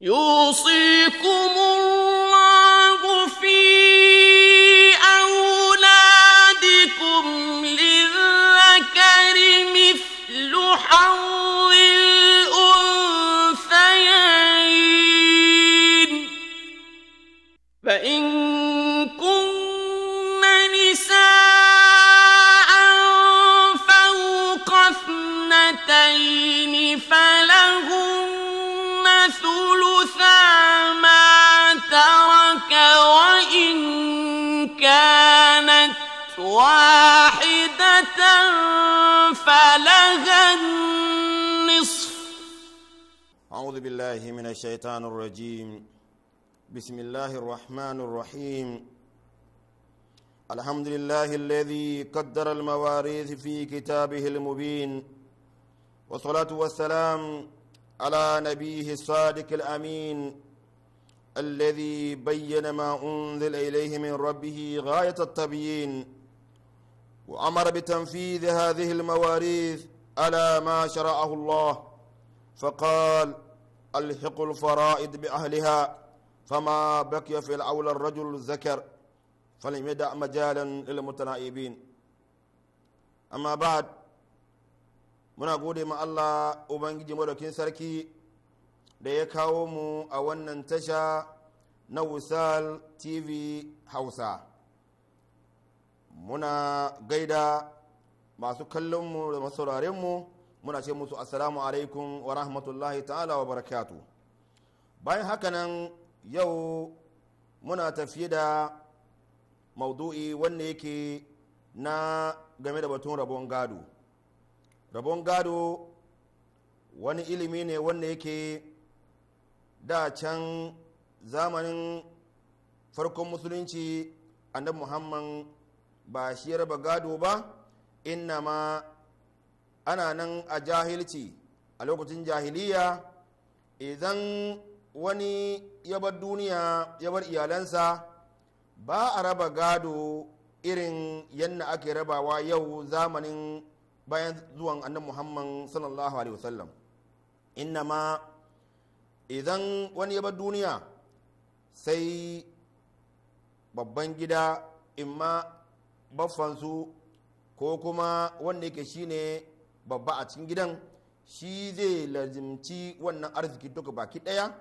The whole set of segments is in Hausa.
يوصيكم فلها النصف أعوذ بالله من الشيطان الرجيم بسم الله الرحمن الرحيم الحمد لله الذي قدر المواريث في كتابه المبين والصلاة والسلام على نبيه الصادق الأمين الذي بين ما أنزل إليه من ربه غاية التبيين وأمر بتنفيذ هذه المواريث على ما شرعه الله فقال الحق الفرائض بأهلها فما بقي في العول الرجل ذكر فلم يدع مجالا للمتنائبين أما بعد muna gode ma Allah Ubangiji madaukin sarki da ya kawo mu a wannan tasha na Wusal TV Hausa. muna gaida masu kallonmu da masaurarenmu muna ce musu assalamu alaikum wa rahmatullahi ta'ala wa barakatu bayan hakanan yau muna tafiye da maudu'i wanda yake na game da batun rabon gado rabon gado wani ilimi ne wanda yake da can zamanin farkon musulunci annabi muhammad ba shi ya raba gado ba inna ma ana nan a jahilci a lokacin jahiliya idan wani yabar duniya ya bar iyalansa ba a raba gado irin yadda ake rabawa yau zamanin bayan zuwan annan muhammad sallallahu alaihi wasallam inna ma idan wani yabar duniya sai babban gida imma baffansu ko kuma wanda yake shine babba a cikin gidan shi zai lazimci wannan arziki duka baki ɗaya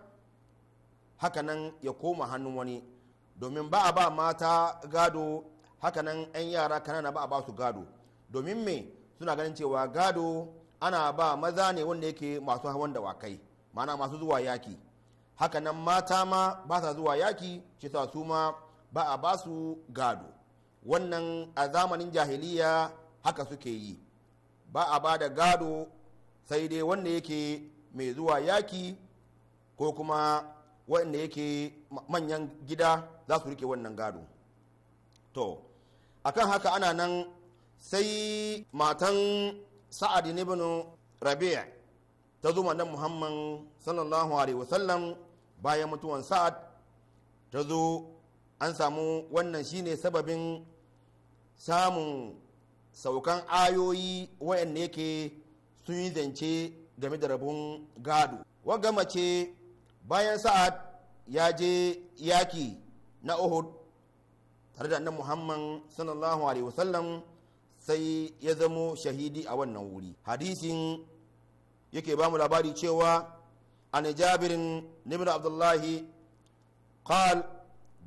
hakanan ya koma hannun wani domin ba a ba mata gado hakanan 'yan yara kanana ba a ba su gado domin me suna ganin cewa gado ana ba maza ne wanda yake masu hawan dawakai mana masu zuwa yaki hakanan mata ma ba sa zuwa yaki shi sa su ma ba a ba su gado wannan a zamanin jahiliya haka suke yi ba a ba da gado sai dai wanda yake mai zuwa yaki ko kuma wanda yake manyan gida za su rike wannan gado to akan haka ana nan sai matan sa'ad ibn rabia ta zo nan muhammad sallallahu alaihi wasallam bayan mutuwan sa'ad ta zo an samu wannan shine sababin samun saukan ayoyi waɗanda yake sun yi zance game da rabon gado wagga mace bayan sa'ad ya je yaki na uhud tare da annan muhammad sallallahu alaihi wasallam sai ya zamo shahidi a wannan wuri hadisin yake ba mu labari cewa an jabirin nibin abdullahi قال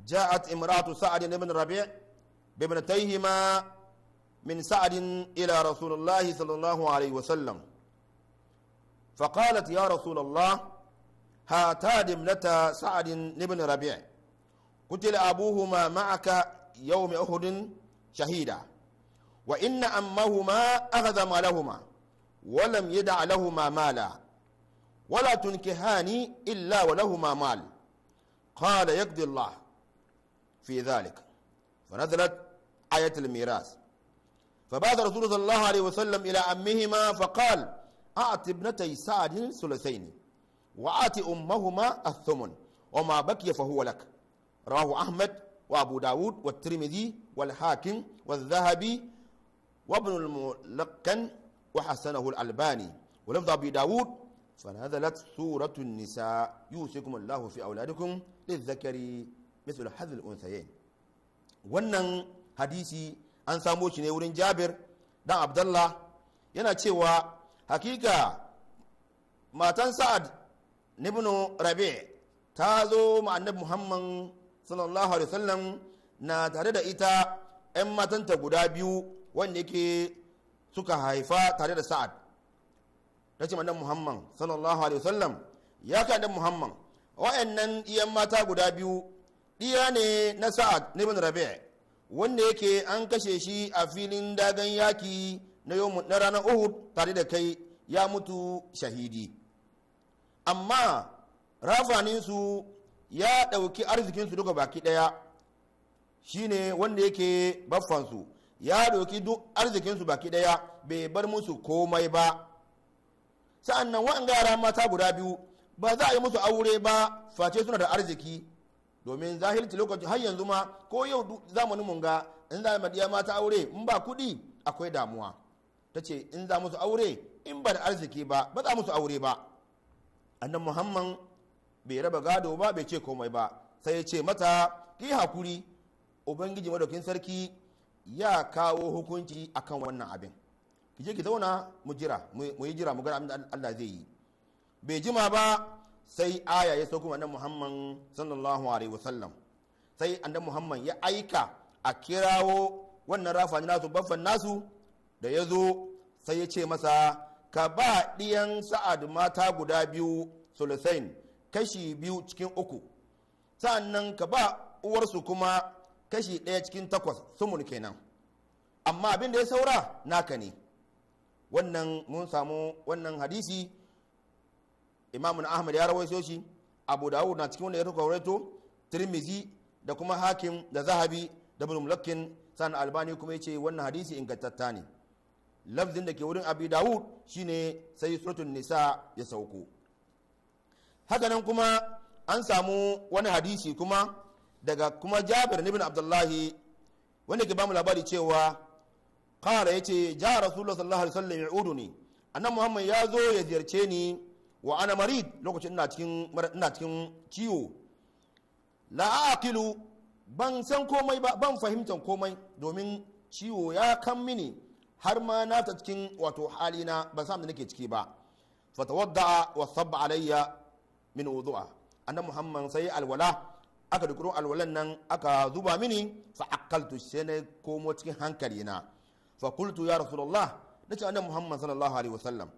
جاءت امرأة سعد بن ربيع بابنتيهما من سعد إلى رسول الله صلى الله عليه وسلم فقالت يا رسول الله هاتان ابنتا سعد بن ربيع قتل أبوهما معك يوم أحد شهيدا وإن أمهما أخذ مالهما ولم يدع لهما مالا ولا تنكهان إلا ولهما مال قال يقضي الله في ذلك فنزلت آية الميراث فبعث رسول صلى الله عليه وسلم إلى أمهما فقال أعط ابنتي سعد الثلثين وأعط أمهما الثمن وما بقي فهو لك رواه أحمد وأبو داود والترمذي والحاكم والذهبي وابن الملقن وحسنه الألباني ولفظ أبي داود فنزلت سورة النساء يوصيكم الله في أولادكم للذكر مثل حذ الأنثيين ونن hadisi an samo shi ne wurin jabir dan abdallah yana cewa hakika matan sa'ad ibn rabi ta zo ma'anar muhammad sallallahu alaihi wasallam na tare da ita 'yan matanta guda biyu wanda ke suka haifa tare da sa'ad ta ce ma'anar muhammad sallallahu alaihi wasallam ya ka dan muhammad wa'annan iyan mata guda biyu ɗiya ne na sa'ad ibn rabi' wanda yake an kashe shi a filin dagan yaki na ranar uhud tare da kai ya mutu shahidi amma rafaninsu ya ɗauki arzikinsu duka baki ɗaya shine wanda yake baffansu ya dauki duk arzikinsu baki ɗaya bai bar musu komai ba sa'an sa'annan wa'an gara mata guda biyu ba za a yi musu aure ba face suna da arziki domin zahilci lokaci har yanzu ma ko yau zamanin mun ga in za madiya mata aure in ba kudi akwai damuwa ta ce in za musu aure in ba da arziki ba ba za musu aure ba annan muhamman bai raba gado ba bai ce komai ba sai ya ce mata ki hakuri ubangiji madaukin sarki ya kawo hukunci akan wannan abin ki je ki zauna mu jira mu yi jira mu ga abin da Allah zai yi bai jima ba sai aya ya sauko annabi Muhammad sallallahu alaihi wasallam sai annabi Muhammad ya aika a kirawo wannan rafani nasu baffan nasu da ya zo sai ya ce masa ka ba ɗiyan sa'ad mata guda biyu sulusain kashi biyu cikin uku sa'annan ka ba uwarsu kuma kashi ɗaya cikin takwas sumun kenan amma abin da ya saura naka ne wannan mun samu wannan hadisi imamun ahmad ya rawaito shi abu dawud na cikin wanda ya rawaito tirmizi da kuma hakim da zahabi da ibn mulakkin san albani kuma ya ce wannan hadisi ingantatta ne lafzin da ke wurin abi dawud shine sai suratul nisa ya sauko haka nan kuma an samu wani hadisi kuma daga kuma jabir ibn abdullahi wanda ke bamu labari cewa ya yace ja rasulullah sallallahu alaihi wasallam yauduni annabi muhammad ya zo ya ziyarce ni wa ana marid lokacin ina cikin ina cikin ciwo la aqilu ban san komai ba ban fahimtan komai domin ciwo ya kan mini har ma na ta cikin wato halina ban san da nake ciki ba fatawadda wa sabba alayya min wudu'a annabi muhammad sai alwala aka dukuru alwalan nan aka zuba mini fa aqaltu sai na komo cikin hankali na fa qultu ya rasulullah nace annabi muhammad sallallahu alaihi wasallam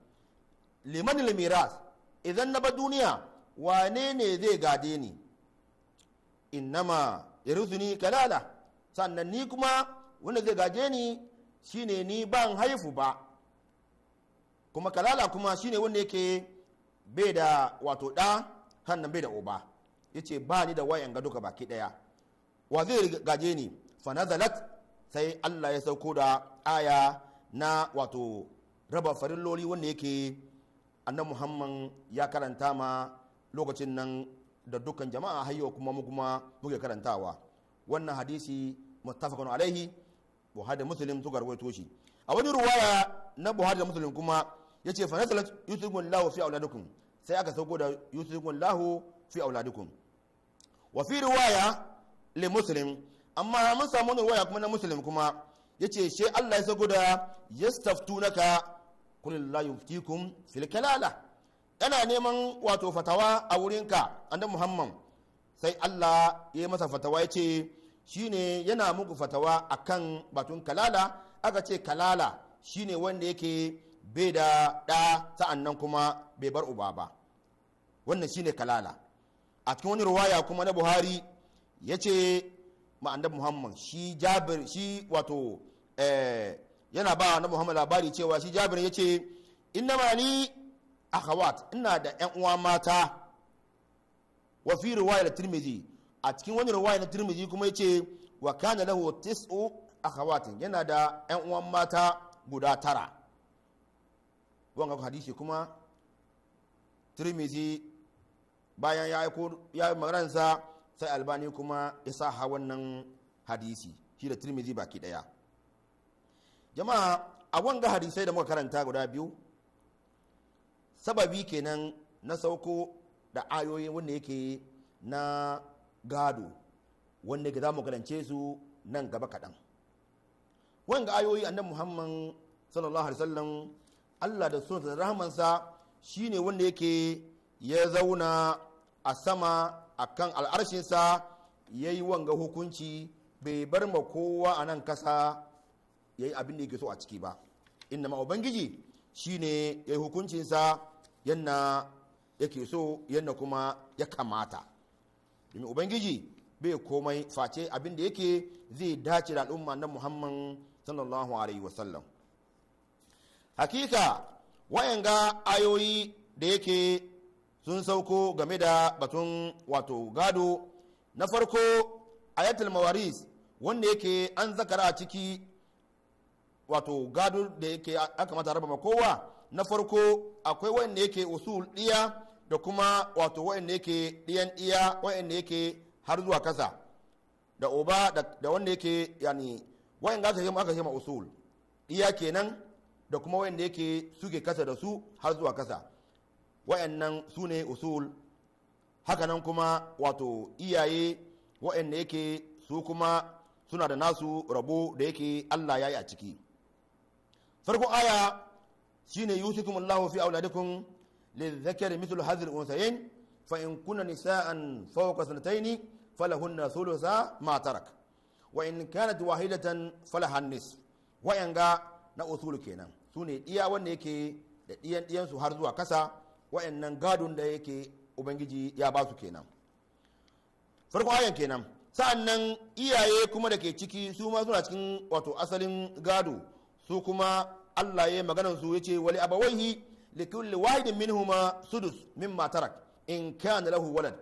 liman al-miras idan na ba duniya wane ne zai gade ni innama ni kalala sannan ni kuma wanda zai gaje ni shine ni ban haifu ba kuma kalala kuma shine wanda yake bai da wato ɗa hannan bai da uba yace ba ni da wayan ga duka baki ɗaya. wa zai gaje ni fa sai Allah ya sauko da aya na wato raba farilloli wanda yake annan muhamman ya karanta ma lokacin nan da dukkan jama'a hayo kuma mu kuma muke karantawa wannan hadisi muttafaqun alaihi buhari da muslim suka rawaito shi a wani ruwaya na buhari da muslim kuma yace fa nasalat yusrikun lahu fi auladikum sai aka sauko da yusrikun lahu fi auladikum wa fi ruwaya li muslim amma mun samu wani ruwaya kuma na muslim kuma yace shi Allah ya sauko da yastaftunaka kulil la yuftikum fil yana neman wato fatawa a wurinka annabi muhammad sai Allah ya yi masa fatawa ya ce shine yana muku fatawa akan batun kalala aka ce kalala shine wanda yake bai da ɗa nan kuma bai bar uba ba wannan shine kalala a cikin wani ruwaya kuma na buhari ya ce ma'andar muhammad shi jabir shi wato yana ba na muhammad labari cewa shi jabir ya ce inna ma ni akhawat ina da yan uwa mata wa fi riwaya da tirmidhi a cikin wani riwaya na tirmidhi kuma ya ce wa kana lahu tis'u akhawatin yana da yan uwan mata guda tara wannan hadisi kuma tirmidhi bayan ya yi maransa sai albani kuma ya sa nan hadisi shi da tirmidhi baki daya jama'a a wanga hadisai da muka karanta guda biyu sababi kenan na sauko da ayoyi wanda yake na gado wanda yake za mu karance su nan gaba kaɗan wanga ayoyi annabi muhammad sallallahu alaihi wasallam allah da sunsa da rahmansa shine wanda yake ya zauna a sama a kan al'arshinsa ya yi wanga hukunci bai bar ma kowa a nan kasa yayi abin da yake so a ciki ba inda ma ubangiji ya yayi hukuncinsa sa ya yake so yana kuma ya kamata domin ubangiji bai komai face abin da yake zai dace da al'umma na muhammad sallallahu alaihi wasallam hakika wayanga ayoyi da yake sun sauko game da batun wato gado na farko ayatul mawaris wanda yake an zakara a ciki wato gado da yake aka mata raba kowa na farko akwai wayan da yake usul diya da kuma wato wayan da yake diyan diya da yake har zuwa kasa da oba da wanda yake yani wayan aka yi aka yi usul diya kenan da kuma wayan da yake suke kasa da su har zuwa kasa nan su ne usul nan kuma wato iyaye wayan da yake su kuma suna da nasu rabo da yake Allah ya yi a ciki farko aya shine yusikum Allahu fi auladikum للذكر مثل هذه الأنثيين فإن كن نساء فوق سنتين ma tarak ما kana وإن كانت واحدة nis wayan ga na usul kenan su ne iya wanda yake da ɗiyan ɗiyansu har zuwa kasa nan gadon da yake ubangiji ya ba su kenan farko ayan kenan sa'annan iyaye kuma da ke ciki su ma suna cikin wato asalin gado su kuma Allah ya maganar su yace wali abawaihi likulli wahidin minhuma sudus mimma tarak in kana lahu walad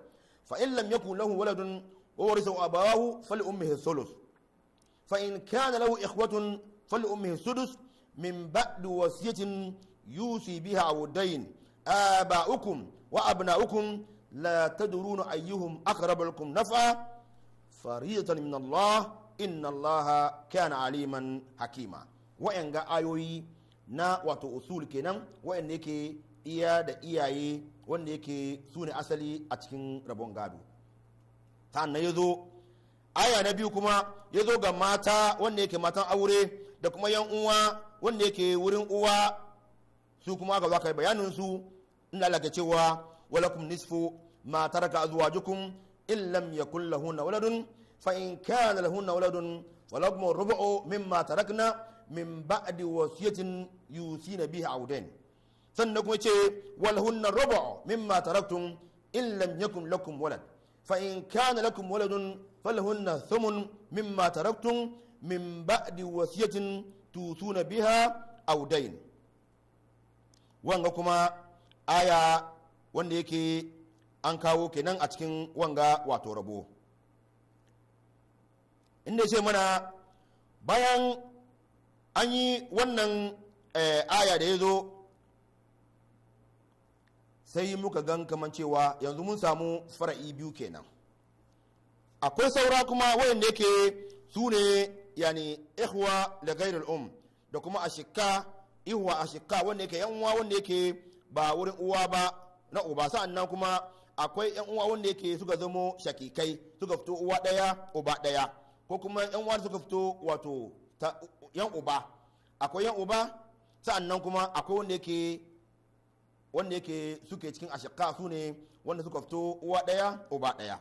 fa in lam yakun lahu waladun ورثه أبواه فلأمه الثلث فإن كان له إخوة فلأمه السدس من بعد وصية يوصي بها أو الدين آباؤكم وأبناؤكم لا تدرون أيهم أقرب لكم نفعا فريضة من الله إن الله كان عليما حكيما ga ayoyi na wato usul kenan wa'yan yake iya da iyaye wanda yake su ne asali a cikin rabon gado Tana ya zo aya na biyu kuma ya zo ga mata wanda yake matan aure da kuma yan uwa wanda yake wurin uwa su kuma ga zaka bayanin su inda Allah cewa walakum nisfu ma taraka azwajukum in lam yakul lahun waladun fa in kana lahun waladun walakum rubu'u mimma tarakna min ba'di wasiyatin yusina biha awdain sannan kuma ce wal hunna rubu mimma taraktum in lam yakun lakum walad fa in kana lakum waladun falahunna thumun mimma taraktum min ba'di wasiyatin tusuna biha awdain wanga kuma aya wanda yake an kawo kenan a cikin wanga wato rabo inda ce mana bayan an yi wannan eh, aya da ya zo sai muka gan kaman cewa yanzu mun samu fara'i biyu kenan akwai saura kuma wayanda yake su ne yani ihwa da gairul um da kuma ashika ihwa ashika wanda yake yan uwa wanda yake ba wurin uwa ba na uba nan kuma akwai yan uwa wanda yake suka zamo shakikai suka fito uwa daya uba daya ko kuma yan uwa suka fito wato yan uba akwai yan uba sa'annan kuma akwai wanda yake wanda yake suke cikin ashiqa su ne wanda suka fito uwa daya uba daya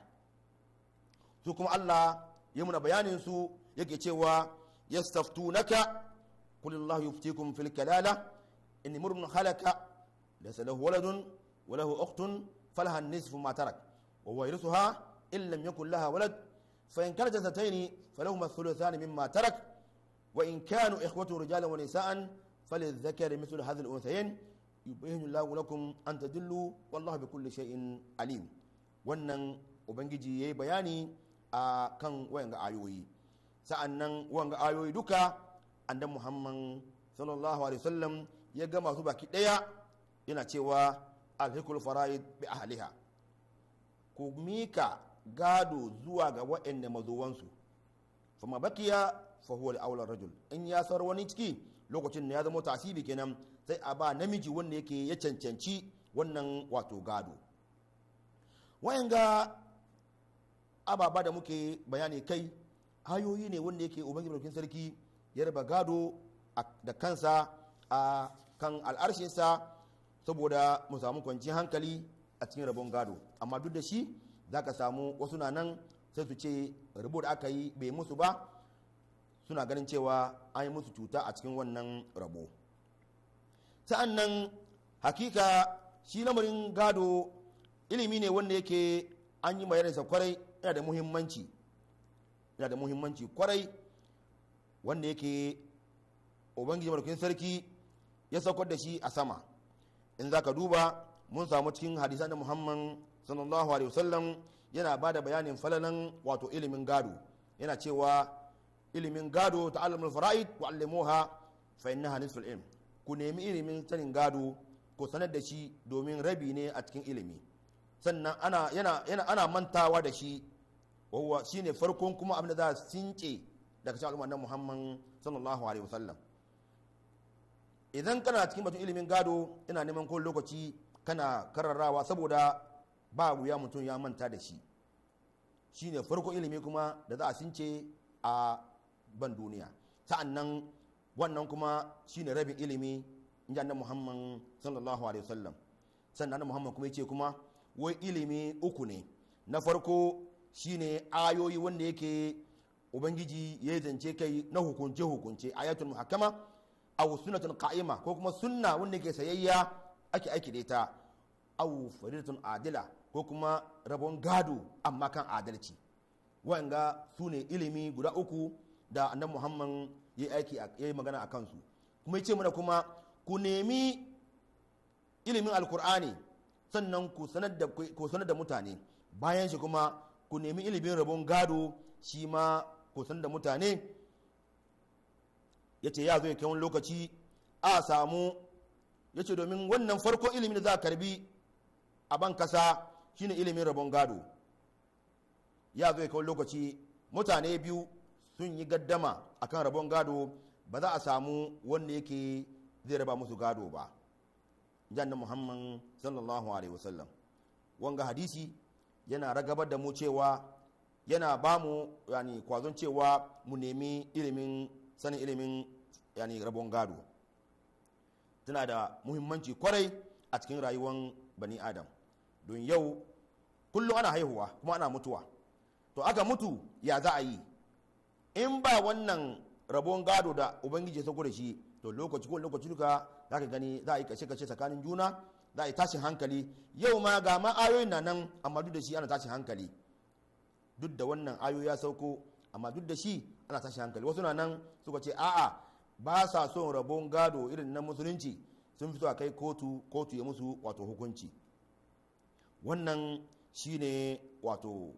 su kuma Allah ya muna bayanin su yake cewa yastaftunaka qul Allah yuftikum fil kalala in imrun halaka laysa lahu waladun wa lahu ukhtun falaha nisfu ma tarak wa warithuha in yakul laha walad fa in kanat thatain falahuma thuluthani mimma tarak وإن كانوا إخوته رجالا ونساء فللذكر مثل هذه الأنثيين يبين الله لكم أن تدلوا والله بكل شيء عليم wannan ubangiji yayi bayani a kan wayanga ayoyi sa'annan wayanga ayoyi duka andan muhamman sallallahu alaihi wasallam ya gama su baki ɗaya. yana cewa alhikul fara'id bi ahliha ku mika gado zuwa ga waɗanda mazowansu fama bakiya fahuwar aular rajul in ya sar wani ciki lokacin da ya zama tasiri kenan sai a ba namiji wanda yake ya cancanci wannan wato gado wayan ga ababa da muke bayani kai hayoyi ne wanda yake ubangiji barkin sarki ya raba gado da kansa a kan al'arshinsa saboda mu samu kwanciyar hankali a cikin rabon gado amma duk da shi za ka samu wasu na nan sai su ce rubu da aka yi bai musu ba suna ganin cewa an yi musu cuta a cikin wannan rabo sa'an nan hakika shi lamarin gado ilimi ne wanda yake an yi mayarinsa kwarai yana da muhimmanci yana da muhimmanci kwarai wanda yake ubangiji marukin sarki ya saukar da shi a sama in za ka duba mun samu cikin hadisan da muhammad sallallahu alaihi wasallam yana ba da bayanin falalan wato ilimin gado yana cewa ilimin gado ta alamul fara'id wa allimuha fa innaha nisful ilm ku nemi ilimin sanin gado ku sanar da shi domin rabi ne a cikin ilimi sannan ana yana ana mantawa da shi wawa shine farkon kuma abin da za sinke daga cikin al'ummar Muhammad sallallahu alaihi wasallam idan kana cikin batun ilimin gado yana neman kowane lokaci kana kararrawa saboda ba wuya mutum ya manta da shi shine farko ilimi kuma da za a since a ban duniya nan wannan kuma shine rabin ilimi in ji annabi Muhammad sallallahu alaihi wasallam sannan annabi Muhammad kuma yace kuma wai ilimi uku ne na farko shine ayoyi wanda yake ubangiji ya zance kai na hukunce hukunce ayatul muhakkama aw sunnatun ka'ima ko kuma sunna wanda yake sayayya ake aiki da ita aw faridatun adila ko kuma rabon gado amma kan adalci wa'anga su ne ilimi guda uku da annabi muhammad ya yi aiki ya yi magana a kansu kuma ya ce mana kuma ku nemi ilimin alkur'ani sannan ku sanar da mutane bayan shi kuma ku nemi ilimin rabon gado shi ma ku sanar da mutane ya ce ya zo ya kai wani lokaci a samu ya ce domin wannan farko ilimin da za a karbi a ban kasa shine ilimin rabon gado ya zo ya kai wani lokaci mutane biyu sun yi gaddama akan rabon gado ba za a samu wanda yake zai raba musu gado ba jan muhammad sallallahu alaihi wasallam wanga hadisi yana ragabar da mu cewa yana ba mu yani kwazon cewa mu nemi ilimin sanin ilimin yani rabon gado tana da muhimmanci kwarai a cikin rayuwar bani adam don yau kullum ana haihuwa kuma ana mutuwa to aka mutu ya za a yi in ba wannan rabon gado da ubangiji ya sauko da shi to lokaci ko lokaci duka za ka gani za a yi kashe kashe tsakanin juna za a yi tashin hankali yau ma ga ma ayoyin na nan amma duk da shi ana tashin hankali duk da wannan ayoyi ya sauko amma duk da shi ana tashin hankali wasu na nan suka ce a'a ba sa son rabon gado irin na musulunci sun fito a kai kotu kotu ya musu wato hukunci wannan shine wato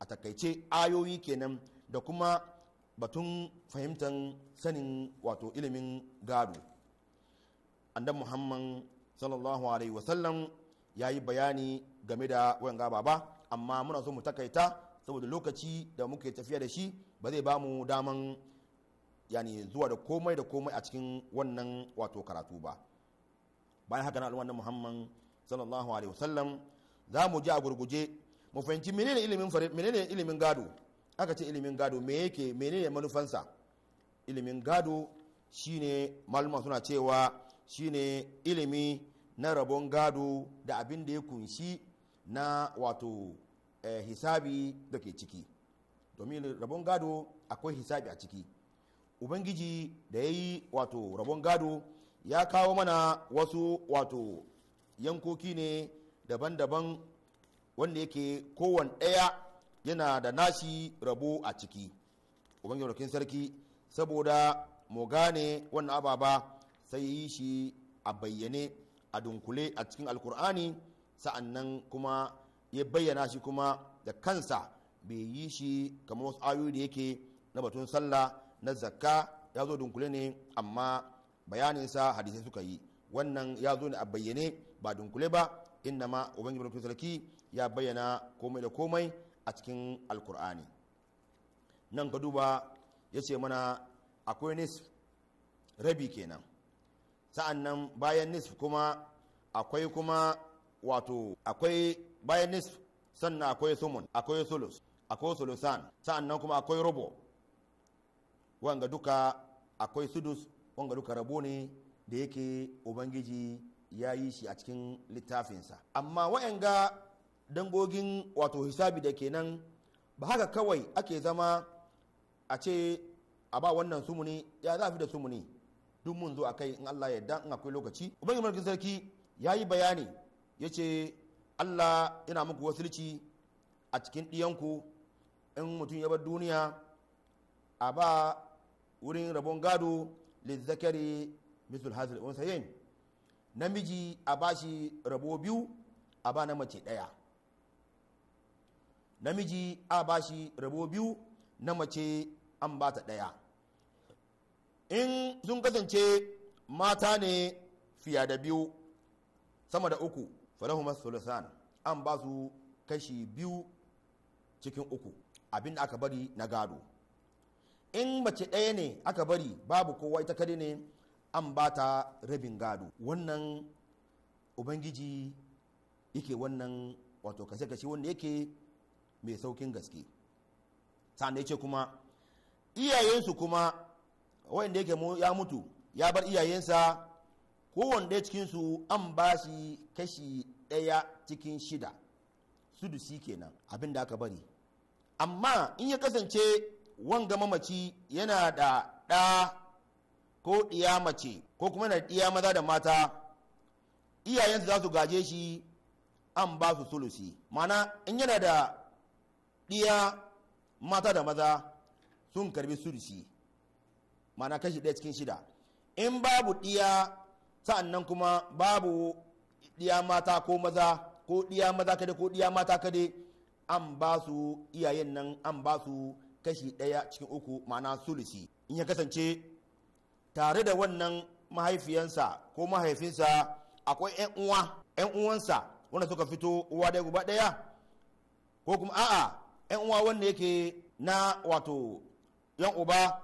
a takaice ayoyi kenan da kuma batun fahimtar sanin wato ilimin gado andan muhammad sallallahu alaihi wasallam ya yi bayani game da wayan gaba ba amma muna so mu takaita saboda lokaci da muke tafiya da shi ba zai ba mu daman yani zuwa da komai da komai a cikin wannan wato karatu ba bayan haka na alwan muhammad sallallahu alaihi wasallam za mu ji a gurguje mu fahimci menene ilimin menene ilimin gado aka ce ilimin gado me yake menene manufansa ilimin gado shine maluma suna cewa shine ilimi na rabon gado da abin da ya kunshi na wato eh, hisabi da ke ciki domin rabon gado akwai hisabi a ciki ubangiji da ya yi wato rabon gado ya kawo mana wasu wato yankoki ne daban-daban wanda yake kowane ɗaya yana da nashi rabo a ciki ubangiji sarki saboda mu gane wannan ababa sai yi shi a bayyane a dunkule a cikin alkur'ani sa'annan kuma ya bayyana shi kuma da kansa bai yi shi kamar wasu ayoyi da yake na batun sallah na zakka ya zo dunkule ne amma bayaninsa hadisai suka yi wannan ya zo ne a bayyane ba dunkule ba inda ma ubangiji sarki ya bayyana komai da komai a cikin alkur'ani nan ka duba ya ce mana akwai nisf rabi kenan sa'an nan bayan nisf kuma akwai kuma wato akwai bayan nisf sannan akwai sumun akwai sulus akwai sulusan sa'an nan kuma akwai rubo wanga duka akwai sudus wanga duka rabo ne da yake ubangiji ya yi shi a cikin littafinsa amma wa'yanga dangogin wato hisabi da kenan ba haka kawai ake zama a ce a ba wannan sumuni ya za fi da sumuni duk mun zo a kai in Allah yarda in akwai lokaci ubangi mulkin sarki ya yi bayani ya ce Allah yana muku wasilci a cikin ɗiyanku in mutum ya bar duniya a ba wurin rabon gado lizzakari misul hazil namiji a bashi rabo biyu a ba na mace ɗaya namiji a bashi rabo biyu na mace an ba ta ɗaya in sun kasance mata ne fiya da biyu sama da uku falahuma sulusan an ba su kashi biyu cikin uku abin da aka bari na gado in mace ɗaya ne aka bari babu kowa ita kare ne an ba ta rabin gado wannan ubangiji yake wannan wato kashe-kashe wanda yake mai saukin gaske sanda ya ce kuma iyayensu kuma wanda yake ya mutu ya bar iyayensa ya cikinsu an ba shi kashi ɗaya cikin shida sudusi kenan abin da aka bari amma in ya kasance wanga mamaci yana da ɗa ko ɗiya mace ko kuma na ɗiya maza da mata iyayensu za su gaje shi an ba su sulusi mana in yana da ɗiya mata da maza sun karbi sudusi mana kashi ɗaya cikin shida in babu ɗiya sa'annan kuma babu ɗiya mata ko maza ko ɗiya maza kade ko ɗiya mata kade an ba su iyayen nan an ba su kashi ɗaya cikin uku mana sulusi in ya kasance tare da wannan mahaifiyansa ko mahaifinsa akwai 'yan uwa 'yan uwansa wanda suka fito uwa da guba ɗaya ko kuma a'a yan uwa wanda yake na wato yan uba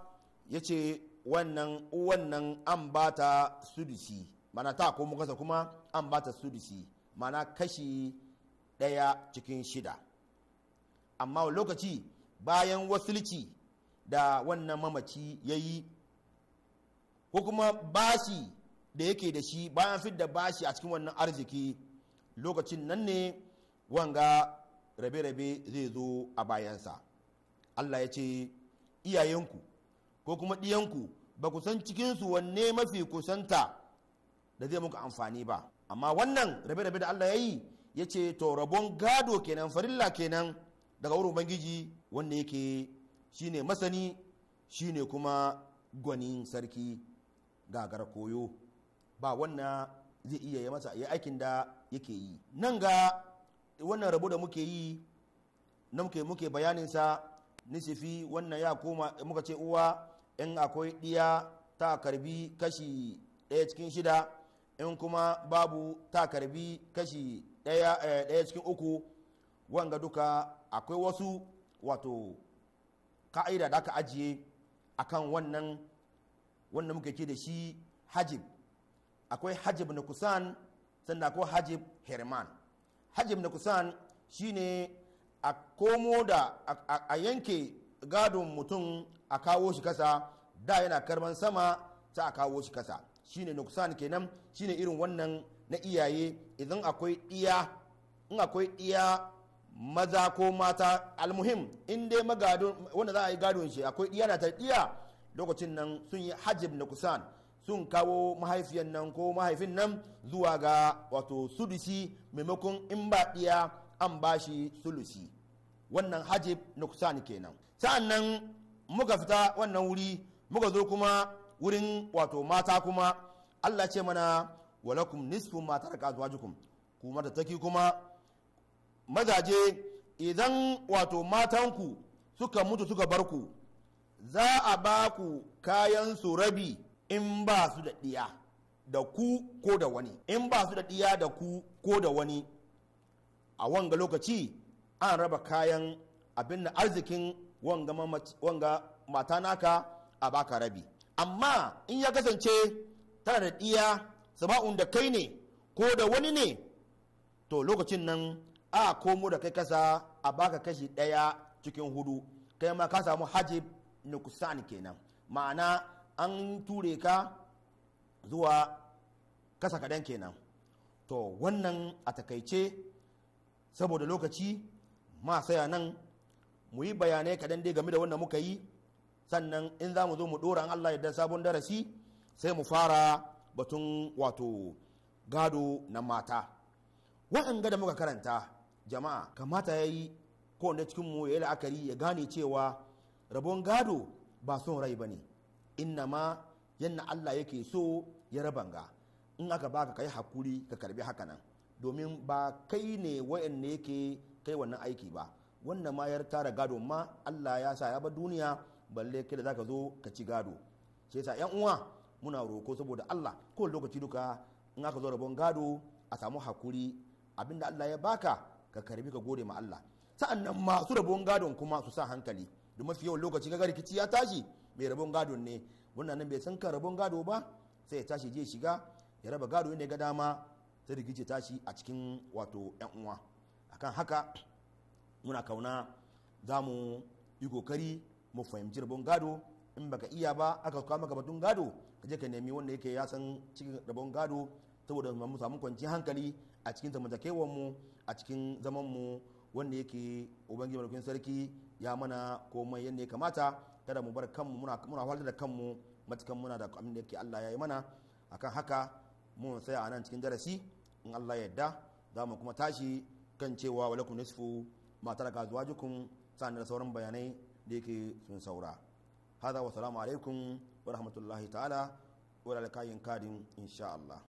ya ce wannan wannan an ba ta sudusi mana ta ko mukasa kuma an ba ta sudusi mana kashi ɗaya cikin shida amma lokaci bayan wasilci da wannan mamaci ya yi ko kuma bashi da yake da shi bayan fidda bashi a cikin wannan arziki lokacin nan ne wanga rabe-rabe zai zo a bayansa allah ya ce iyayenku ko kuma ɗiyanku ba ku san cikinsu wanne mafi kusanta da zai muku amfani ba amma wannan rabe-rabe da allah ya yi ya ce to rabon gado kenan farilla kenan daga wurin ubangiji wanda yake shine masani shine kuma gwanin sarki gagar koyo ba wannan zai iya ya masa ya aikin da yake yi nan ga wannan rabo da muke yi na muke bayaninsa nisifi wannan ya koma muka ce uwa in akwai ɗiya ta karbi kashi ɗaya cikin shida in kuma babu ta karbi kashi ɗaya eh, cikin uku wanga duka akwai wasu wato ka'ida da aka ajiye akan wannan wannan muke ke da shi hajib akwai hajib na kusan sannan akwai hajib herman hajjim na kusan shine a komo da a yanke gadon mutum a kawo shi kasa da yana karban sama ta a kawo shi kasa shine nuksan kenan shine irin wannan na iyaye idan akwai iya in akwai iya maza ko mata almuhim in dai magadon wanda za a yi gadon shi akwai iya na ta iya lokacin nan sun yi hajji na kusan sun kawo mahaifiyan nan ko mahaifin nan zuwa ga wato sulusi maimakon in ba ɗiya an ba shi sulusi wannan hajib nuksan kenan sa'an nan muka fita wannan wuri muka zo kuma wurin wato mata kuma allah ce mana walakum nisfu ma taraka azwajukum kuma da taki kuma mazaje idan wato matanku suka mutu suka barku za a ba ku kayan su rabi in ba su da ɗiya da ku ko da wani in ba su da ɗiya da ku ko da wani a wanga lokaci an raba kayan abin da arzikin wanga mata naka a baka rabi amma in ya kasance tana da ɗiya sama'un da kai ne ko da wani ne to lokacin nan a komo da kai kasa a baka kashi ɗaya cikin hudu kai ma ka samu hajib nukusan kenan ma'ana an ture ka zuwa kasa kaɗan kenan to wannan a takaice saboda lokaci ma saya nan mu yi bayanai kaɗan dai game da wannan muka yi sannan in za mu zo mu ɗora an Allah yadda sabon darasi sai mu fara batun wato gado na mata wa'anga da muka karanta jama'a kamata ya yi kowane cikinmu ya yi la'akari ya gane cewa rabon gado ba son rai ba ne inna ma yanna Allah yake so ya rabanga in aka baka kai hakuri ka karbi haka nan domin ba kai ne wayanne yake kai wannan aiki ba wannan ma ya tara gado ma Allah ya sa ya ba duniya balle kai da zaka zo ka ci gado sai sa yan uwa muna roko saboda Allah ko lokaci duka in aka zo rabon gado a samu hakuri abinda Allah ya baka ka karbi ka gode ma Allah sa'annan masu rabon gadon kuma su sa hankali da mafi yawan lokaci ga rikici ya tashi mai rabon gado ne wannan nan bai san kan rabon gado ba sai ya tashi je shiga ya raba gado ne ga dama sai rigice tashi a cikin wato yan uwa akan haka muna kauna za mu yi kokari mu fahimci rabon gado in baka iya ba aka kama maka batun gado ka je ka nemi wanda yake ya san cikin rabon gado saboda mu samu kwanciyar hankali a cikin zamantakewar mu a cikin zaman mu wanda yake ubangiji sarki ya mana komai yadda ya kamata kada mu bar kanmu muna muna da kanmu matukan muna da abin da yake Allah ya yi mana akan haka mun sai a nan cikin darasi in Allah ya yarda za mu kuma tashi kan cewa wa lakum nisfu ma taraka zuwajukum sa'an da sauran bayanai da yake sun saura haza wa salamu alaikum wa rahmatullahi ta'ala wa lalakayin kadin insha Allah